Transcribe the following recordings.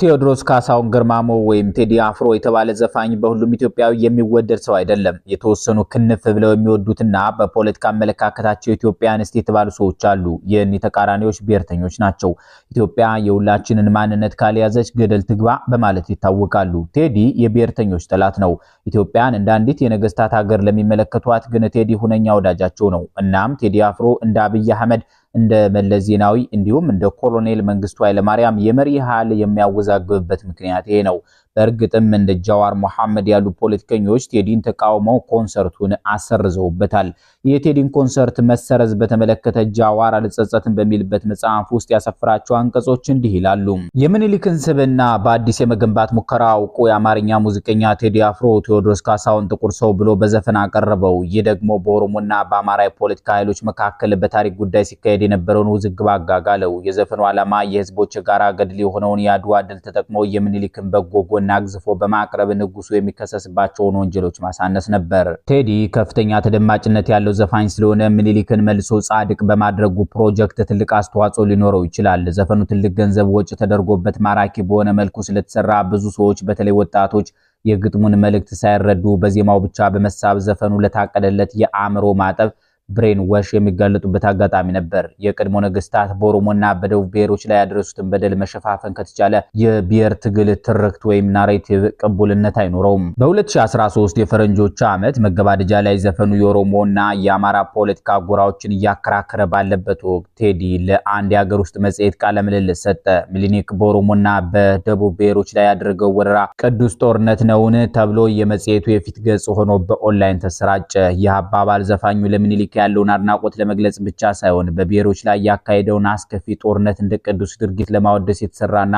ቴዎድሮስ ካሳሁን ግርማሞ ወይም ቴዲ አፍሮ የተባለ ዘፋኝ በሁሉም ኢትዮጵያዊ የሚወደድ ሰው አይደለም። የተወሰኑ ክንፍ ብለው የሚወዱትና በፖለቲካ አመለካከታቸው ኢትዮጵያ አንስት የተባሉ ሰዎች አሉ። ይህን ተቃራኒዎች ብሔርተኞች ናቸው። ኢትዮጵያ የሁላችንን ማንነት ካልያዘች ገደል ትግባ በማለት ይታወቃሉ። ቴዲ የብሔርተኞች ጠላት ነው። ኢትዮጵያን እንደ አንዲት የነገስታት ሀገር ለሚመለከቷት ግን ቴዲ ሁነኛ ወዳጃቸው ነው። እናም ቴዲ አፍሮ እንደ አብይ አህመድ እንደ መለስ ዜናዊ እንዲሁም እንደ ኮሎኔል መንግስቱ ኃይለማርያም የመሪ ሀል የሚያወዛግብበት ምክንያት ይሄ ነው። በእርግጥም እንደ ጃዋር መሐመድ ያሉ ፖለቲከኞች ቴዲን ተቃውመው ኮንሰርቱን አሰርዘውበታል። የቴዲን ኮንሰርት መሰረዝ በተመለከተ ጃዋር አልጸጸትም በሚልበት መጽሐፍ ውስጥ ያሰፈራቸው አንቀጾች እንዲህ ይላሉ። የምኒልክን ስብና በአዲስ የመገንባት ሙከራ አውቆ የአማርኛ ሙዚቀኛ ቴዲ አፍሮ ቴዎድሮስ ካሳሁን ጥቁር ሰው ብሎ በዘፈን አቀረበው። ይህ ደግሞ በኦሮሞና በአማራ የፖለቲካ ኃይሎች መካከል በታሪክ ጉዳይ ሲካሄድ የነበረውን ውዝግብ አጋጋለው። የዘፈኑ ዓላማ የህዝቦች የጋራ ገድል የሆነውን የአድዋ ድል ተጠቅመው የምኒልክን በጎ ጎን በመደብደብና አግዝፎ በማቅረብ ንጉሱ የሚከሰስባቸውን ወንጀሎች ማሳነስ ነበር። ቴዲ ከፍተኛ ተደማጭነት ያለው ዘፋኝ ስለሆነ ምኒልክን መልሶ ጻድቅ በማድረጉ ፕሮጀክት ትልቅ አስተዋጽኦ ሊኖረው ይችላል። ዘፈኑ ትልቅ ገንዘብ ወጪ ተደርጎበት ማራኪ በሆነ መልኩ ስለተሰራ ብዙ ሰዎች በተለይ ወጣቶች የግጥሙን መልእክት ሳይረዱ በዜማው ብቻ በመሳብ ዘፈኑ ለታቀደለት የአእምሮ ማጠብ ብሬን ወሽ የሚጋለጡበት አጋጣሚ ነበር። የቀድሞ ነገስታት በኦሮሞና በደቡብ ብሔሮች ላይ ያደረሱትን በደል መሸፋፈን ከተቻለ የብሔር ትግል ትርክት ወይም ናሬቲቭ ቅቡልነት አይኖረውም። በ2013 የፈረንጆች ዓመት መገባደጃ ላይ ዘፈኑ የኦሮሞና የአማራ ፖለቲካ ጎራዎችን እያከራከረ ባለበት ወቅት ቴዲ ለአንድ የሀገር ውስጥ መጽሔት ቃለ ምልልስ ሰጠ። ሚሊኒክ በኦሮሞና በደቡብ ብሔሮች ላይ ያደረገው ወረራ ቅዱስ ጦርነት ነውን ተብሎ የመጽሔቱ የፊት ገጽ ሆኖ በኦንላይን ተሰራጨ። ይህ አባባል ዘፋኙ ለሚኒሊክ ያለውን አድናቆት ለመግለጽ ብቻ ሳይሆን በብሔሮች ላይ ያካሄደውን አስከፊ ጦርነት እንደ ቅዱስ ድርጊት ለማወደስ የተሰራና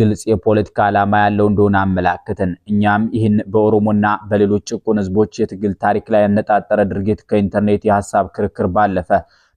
ግልጽ የፖለቲካ ዓላማ ያለው እንደሆነ አመላክትን። እኛም ይህን በኦሮሞና በሌሎች ጭቁን ህዝቦች የትግል ታሪክ ላይ ያነጣጠረ ድርጊት ከኢንተርኔት የሀሳብ ክርክር ባለፈ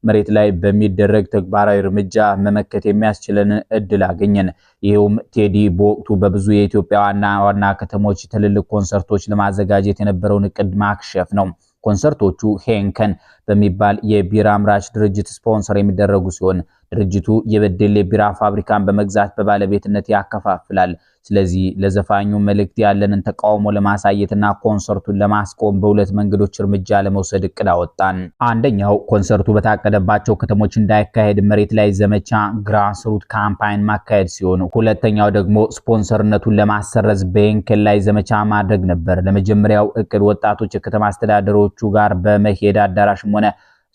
መሬት ላይ በሚደረግ ተግባራዊ እርምጃ መመከት የሚያስችለን እድል አገኘን። ይህውም ቴዲ በወቅቱ በብዙ የኢትዮጵያ ዋና ዋና ከተሞች ትልልቅ ኮንሰርቶች ለማዘጋጀት የነበረውን እቅድ ማክሸፍ ነው። ኮንሰርቶቹ ሄንከን በሚባል የቢራ አምራች ድርጅት ስፖንሰር የሚደረጉ ሲሆን ድርጅቱ የበደሌ ቢራ ፋብሪካን በመግዛት በባለቤትነት ያከፋፍላል። ስለዚህ ለዘፋኙ መልእክት ያለንን ተቃውሞ ለማሳየትና ኮንሰርቱን ለማስቆም በሁለት መንገዶች እርምጃ ለመውሰድ እቅድ አወጣን። አንደኛው ኮንሰርቱ በታቀደባቸው ከተሞች እንዳይካሄድ መሬት ላይ ዘመቻ ግራስ ካምፓይን ማካሄድ ሲሆን፣ ሁለተኛው ደግሞ ስፖንሰርነቱን ለማሰረዝ በንክል ላይ ዘመቻ ማድረግ ነበር። ለመጀመሪያው እቅድ ወጣቶች የከተማ አስተዳደሮቹ ጋር በመሄድ አዳራሽም ሆነ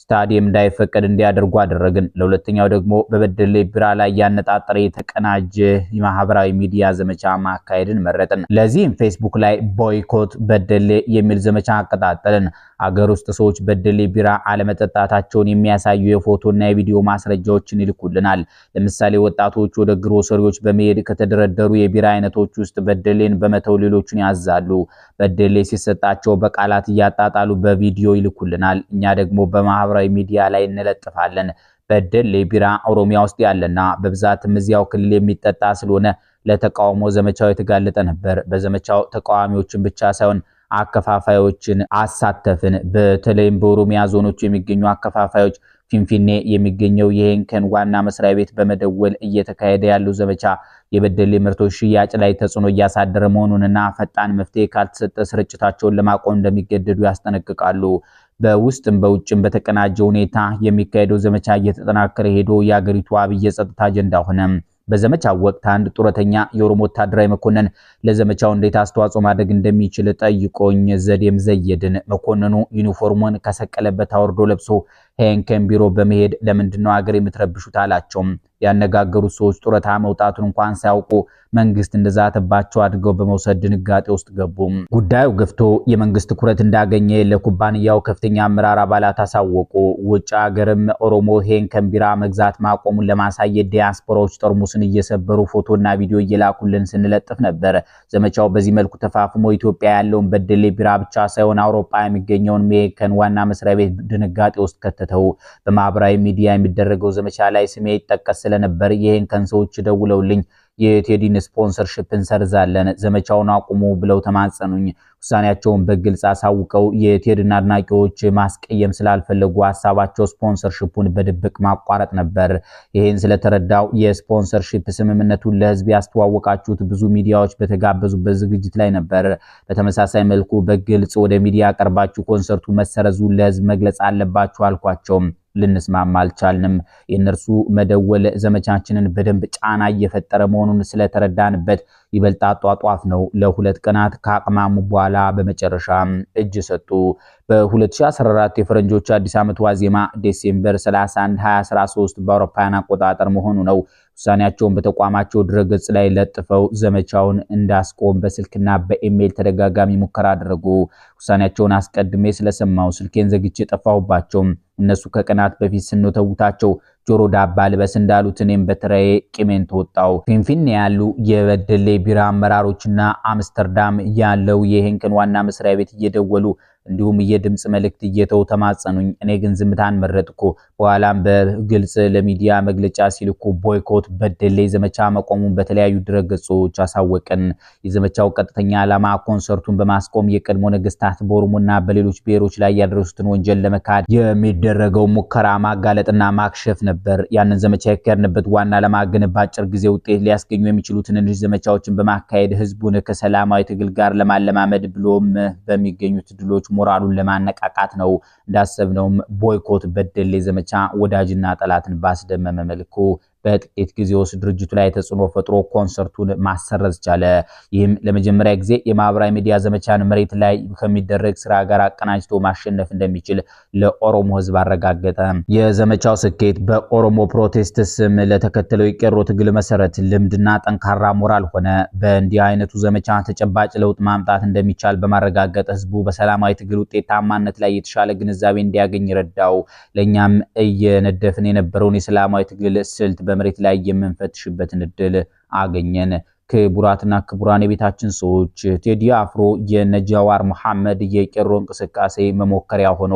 ስታዲየም እንዳይፈቀድ እንዲያደርጉ አደረግን። ለሁለተኛው ደግሞ በበደሌ ቢራ ላይ ያነጣጠረ የተቀናጀ የማህበራዊ ሚዲያ ዘመቻ ማካሄድን መረጥን። ለዚህም ፌስቡክ ላይ ቦይኮት በደሌ የሚል ዘመቻ አቀጣጠልን። አገር ውስጥ ሰዎች በደሌ ቢራ አለመጠጣታቸውን የሚያሳዩ የፎቶና የቪዲዮ ማስረጃዎችን ይልኩልናል። ለምሳሌ ወጣቶች ወደ ግሮሰሪዎች በመሄድ ከተደረደሩ የቢራ አይነቶች ውስጥ በደሌን በመተው ሌሎቹን ያዛሉ። በደሌ ሲሰጣቸው በቃላት እያጣጣሉ በቪዲዮ ይልኩልናል። እኛ ደግሞ በማ ማህበራዊ ሚዲያ ላይ እንለጥፋለን። በደሌ ቢራ ኦሮሚያ ውስጥ ያለና በብዛትም እዚያው ክልል የሚጠጣ ስለሆነ ለተቃውሞ ዘመቻው የተጋለጠ ነበር። በዘመቻው ተቃዋሚዎችን ብቻ ሳይሆን አከፋፋዮችን አሳተፍን። በተለይም በኦሮሚያ ዞኖች የሚገኙ አከፋፋዮች ፊንፊኔ የሚገኘው የሄንከን ዋና መስሪያ ቤት በመደወል እየተካሄደ ያለው ዘመቻ የበደሌ ምርቶች ሽያጭ ላይ ተጽዕኖ እያሳደረ መሆኑንና ፈጣን መፍትሄ ካልተሰጠ ስርጭታቸውን ለማቆም እንደሚገደዱ ያስጠነቅቃሉ። በውስጥም በውጭም በተቀናጀ ሁኔታ የሚካሄደው ዘመቻ እየተጠናከረ ሄዶ የአገሪቱ አብይ የጸጥታ አጀንዳ ሆነ። በዘመቻው ወቅት አንድ ጡረተኛ የኦሮሞ ወታደራዊ መኮንን ለዘመቻው እንዴት አስተዋጽኦ ማድረግ እንደሚችል ጠይቆኝ ዘዴም ዘየድን መኮንኑ ዩኒፎርሙን ከሰቀለበት አውርዶ ለብሶ ሄንከን ቢሮ በመሄድ ለምንድነው ነው ሀገር የምትረብሹት አላቸው። ያነጋገሩት ሰዎች ጡረታ መውጣቱን እንኳን ሳያውቁ መንግስት እንደዛተባቸው አድርገው በመውሰድ ድንጋጤ ውስጥ ገቡ። ጉዳዩ ገፍቶ የመንግስት ትኩረት እንዳገኘ ለኩባንያው ከፍተኛ አመራር አባላት አሳወቁ። ውጭ ሀገርም ኦሮሞ ሄንከን ቢራ መግዛት ማቆሙን ለማሳየት ዲያስፖራዎች ጠርሙስን እየሰበሩ ፎቶና ቪዲዮ እየላኩልን ስንለጥፍ ነበር። ዘመቻው በዚህ መልኩ ተፋፍሞ ኢትዮጵያ ያለውን በደሌ ቢራ ብቻ ሳይሆን አውሮፓ የሚገኘውን ሄንከን ዋና መስሪያ ቤት ድንጋጤ ውስጥ ከተ አመልክተው በማህበራዊ ሚዲያ የሚደረገው ዘመቻ ላይ ስሜ ይጠቀስ ስለነበር ይህን ከንሰዎች ደውለውልኝ የቴዲን ስፖንሰርሽፕ እንሰርዛለን፣ ዘመቻውን አቁሙ ብለው ተማጸኑኝ። ውሳኔያቸውን በግልጽ አሳውቀው የቴድን አድናቂዎች ማስቀየም ስላልፈለጉ ሀሳባቸው ስፖንሰርሽፑን በድብቅ ማቋረጥ ነበር። ይህን ስለተረዳው የስፖንሰርሽፕ ስምምነቱን ለሕዝብ ያስተዋወቃችሁት ብዙ ሚዲያዎች በተጋበዙበት ዝግጅት ላይ ነበር። በተመሳሳይ መልኩ በግልጽ ወደ ሚዲያ ቀርባችሁ ኮንሰርቱ መሰረዙን ለሕዝብ መግለጽ አለባችሁ አልኳቸው። ልንስማማ አልቻልንም። የእነርሱ መደወል ዘመቻችንን በደንብ ጫና እየፈጠረ መሆኑን ስለተረዳንበት ይበልጥ አጧጧፍ ነው። ለሁለት ቀናት ከአቅማሙ በኋላ በመጨረሻም እጅ ሰጡ። በ2014 የፈረንጆች አዲስ ዓመት ዋዜማ ዴሴምበር 31 2013 በአውሮፓውያን አቆጣጠር መሆኑ ነው። ውሳኔያቸውን በተቋማቸው ድረገጽ ላይ ለጥፈው ዘመቻውን እንዳስቆም በስልክና በኢሜይል ተደጋጋሚ ሙከራ አደረጉ። ውሳኔያቸውን አስቀድሜ ስለሰማው ስልኬን ዘግቼ ጠፋሁባቸው። እነሱ ከቀናት በፊት ስንተውታቸው ጆሮ ዳባ ልበስ እንዳሉት እኔም በተራዬ ቂሜን ተወጣው። ፊንፊን ያሉ የበደሌ ቢራ አመራሮችና አምስተርዳም ያለው የሄንክን ዋና መስሪያ ቤት እየደወሉ እንዲሁም የድምፅ መልእክት እየተው ተማጸኑኝ። እኔ ግን ዝምታን መረጥኩ። በኋላም በግልጽ ለሚዲያ መግለጫ ሲልኩ ቦይኮት በደሌ ዘመቻ መቆሙን በተለያዩ ድረገጾች አሳወቅን። የዘመቻው ቀጥተኛ ዓላማ ኮንሰርቱን በማስቆም የቀድሞ ነገስታት በኦሮሞና በሌሎች ብሔሮች ላይ ያደረሱትን ወንጀል ለመካድ የሚደረገው ሙከራ ማጋለጥና ማክሸፍ ነበር። ያንን ዘመቻ የካሄድንበት ዋና ዓላማ ግን በአጭር ጊዜ ውጤት ሊያስገኙ የሚችሉ ትንንሽ ዘመቻዎችን በማካሄድ ህዝቡን ከሰላማዊ ትግል ጋር ለማለማመድ ብሎም በሚገኙት ድሎች ሞራሉን ለማነቃቃት ነው። እንዳሰብነውም ቦይኮት በደሌ ዘመቻ ወዳጅና ጠላትን ባስደመመ መልኩ በጥቂት ጊዜ ውስጥ ድርጅቱ ላይ ተጽዕኖ ፈጥሮ ኮንሰርቱን ማሰረዝ ቻለ። ይህም ለመጀመሪያ ጊዜ የማህበራዊ ሚዲያ ዘመቻን መሬት ላይ ከሚደረግ ስራ ጋር አቀናጅቶ ማሸነፍ እንደሚችል ለኦሮሞ ህዝብ አረጋገጠ። የዘመቻው ስኬት በኦሮሞ ፕሮቴስት ስም ለተከተለው የቄሮ ትግል መሰረት፣ ልምድና ጠንካራ ሞራል ሆነ። በእንዲህ አይነቱ ዘመቻ ተጨባጭ ለውጥ ማምጣት እንደሚቻል በማረጋገጥ ህዝቡ በሰላማዊ ትግል ውጤታማነት ላይ የተሻለ ግንዛቤ እንዲያገኝ ረዳው። ለእኛም እየነደፍን የነበረውን የሰላማዊ ትግል ስልት በመሬት ላይ የምንፈትሽበትን እድል አገኘን። ክቡራትና ክቡራን የቤታችን ሰዎች ቴዲ አፍሮ የነጃዋር መሐመድ የቄሮ እንቅስቃሴ መሞከሪያ ሆኖ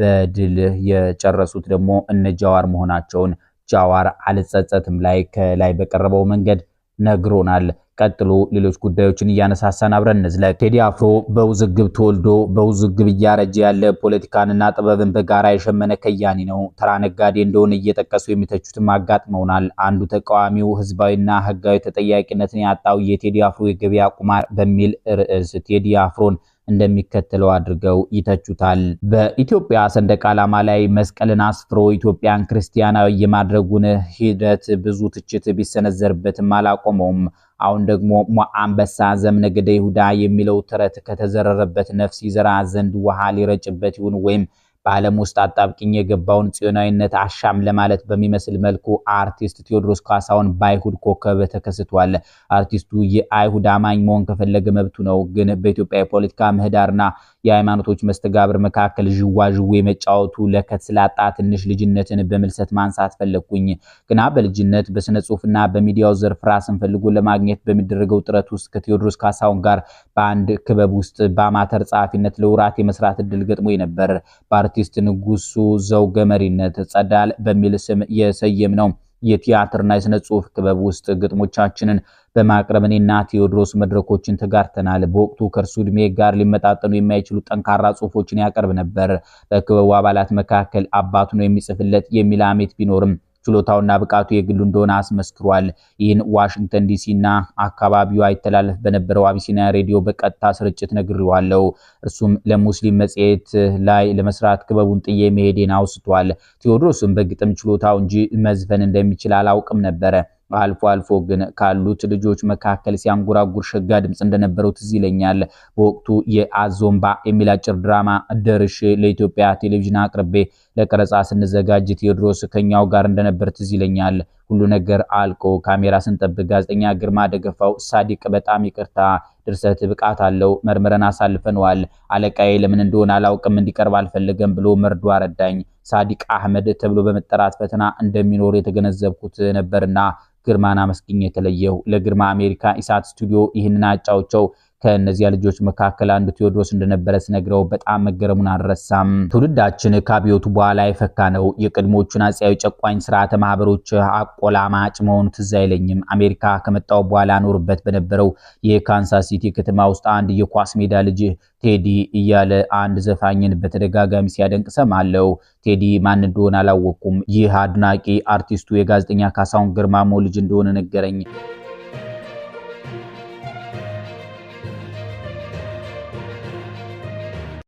በድል የጨረሱት ደግሞ እነጃዋር መሆናቸውን ጃዋር አልጸጸትም ላይ ከላይ በቀረበው መንገድ ነግሮናል። ቀጥሎ ሌሎች ጉዳዮችን እያነሳሳን አብረን እንዝለቅ። ቴዲ አፍሮ በውዝግብ ተወልዶ በውዝግብ እያረጀ ያለ ፖለቲካንና ጥበብን በጋራ የሸመነ ከያኒ ነው። ተራ ነጋዴ እንደሆነ እየጠቀሱ የሚተቹትም አጋጥመውናል። አንዱ ተቃዋሚው ህዝባዊና ህጋዊ ተጠያቂነትን ያጣው የቴዲ አፍሮ የገበያ ቁማር በሚል ርዕስ ቴዲ አፍሮን እንደሚከተለው አድርገው ይተቹታል። በኢትዮጵያ ሰንደቅ ዓላማ ላይ መስቀልን አስፍሮ ኢትዮጵያን ክርስቲያናዊ የማድረጉን ሂደት ብዙ ትችት ቢሰነዘርበትም አላቆመውም። አሁን ደግሞ አንበሳ ዘምነገደ ይሁዳ የሚለው ተረት ከተዘረረበት ነፍስ ይዘራ ዘንድ ውሃ ሊረጭበት ይሁን ወይም በዓለም ውስጥ አጣብቅኝ የገባውን ጽዮናዊነት አሻም ለማለት በሚመስል መልኩ አርቲስት ቴዎድሮስ ካሳሁን በአይሁድ ኮከብ ተከስቷል። አርቲስቱ የአይሁድ አማኝ መሆን ከፈለገ መብቱ ነው፣ ግን በኢትዮጵያ የፖለቲካ ምህዳርና የሃይማኖቶች መስተጋብር መካከል ዥዋዥዌ መጫወቱ ለከት ስላጣ ትንሽ ልጅነትን በምልሰት ማንሳት ፈለግኩኝ። ግና በልጅነት በስነ ጽሁፍና በሚዲያው ዘርፍ ራስን ፈልጎ ለማግኘት በሚደረገው ጥረት ውስጥ ከቴዎድሮስ ካሳሁን ጋር በአንድ ክበብ ውስጥ በአማተር ጸሐፊነት ለውራት የመስራት እድል ገጥሞ ነበር። አርቲስት ንጉሱ ዘውገ መሪነት ጸዳል በሚል ስም የሰየም ነው። የቲያትርና የስነ ጽሁፍ ክበብ ውስጥ ግጥሞቻችንን በማቅረብ እኔና ቴዎድሮስ መድረኮችን ተጋርተናል። በወቅቱ ከእርሱ ዕድሜ ጋር ሊመጣጠኑ የማይችሉ ጠንካራ ጽሁፎችን ያቀርብ ነበር። በክበቡ አባላት መካከል አባቱ ነው የሚጽፍለት የሚል አሜት ቢኖርም ችሎታውና ብቃቱ የግሉ እንደሆነ አስመስክሯል። ይህን ዋሽንግተን ዲሲ ዲሲና አካባቢዋ ይተላለፍ በነበረው አቢሲና ሬዲዮ በቀጥታ ስርጭት ነግሬዋለሁ። እርሱም ለሙስሊም መጽሔት ላይ ለመስራት ክበቡን ጥዬ መሄዴን አውስቷል። ቴዎድሮስም በግጥም ችሎታው እንጂ መዝፈን እንደሚችል አላውቅም ነበረ አልፎ አልፎ ግን ካሉት ልጆች መካከል ሲያንጎራጉር ሸጋ ድምፅ እንደነበረው ትዝ ይለኛል። በወቅቱ የአዞምባ የሚል አጭር ድራማ ደርሼ ለኢትዮጵያ ቴሌቪዥን አቅርቤ ለቀረጻ ስንዘጋጅ ቴዎድሮስ ከኛው ጋር እንደነበር ትዝ ይለኛል። ሁሉ ነገር አልቆ ካሜራ ስንጠብቅ ጋዜጠኛ ግርማ ደገፋው ሳዲቅ በጣም ይቅርታ ድርሰት ብቃት አለው መርምረን አሳልፈነዋል። አለቃዬ ለምን እንደሆነ አላውቅም እንዲቀርብ አልፈለገም ብሎ መርዶ አረዳኝ። ሳዲቅ አህመድ ተብሎ በመጠራት ፈተና እንደሚኖር የተገነዘብኩት ነበርና ግርማን አመስግኝ የተለየው ለግርማ አሜሪካ ኢሳት ስቱዲዮ ይህንን አጫውቸው ከእነዚያ ልጆች መካከል አንዱ ቴዎድሮስ እንደነበረ ስነግረው በጣም መገረሙን አልረሳም። ትውልዳችን ከአብዮቱ በኋላ የፈካ ነው። የቅድሞቹን አፄያዊ ጨቋኝ ስርዓተ ማህበሮች አቆላማጭ መሆኑ ትዝ አይለኝም። አሜሪካ ከመጣው በኋላ ኖርበት በነበረው የካንሳስ ሲቲ ከተማ ውስጥ አንድ የኳስ ሜዳ ልጅ ቴዲ እያለ አንድ ዘፋኝን በተደጋጋሚ ሲያደንቅ ሰማለው። ቴዲ ማን እንደሆነ አላወቅኩም። ይህ አድናቂ አርቲስቱ የጋዜጠኛ ካሳሁን ግርማሞ ልጅ እንደሆነ ነገረኝ።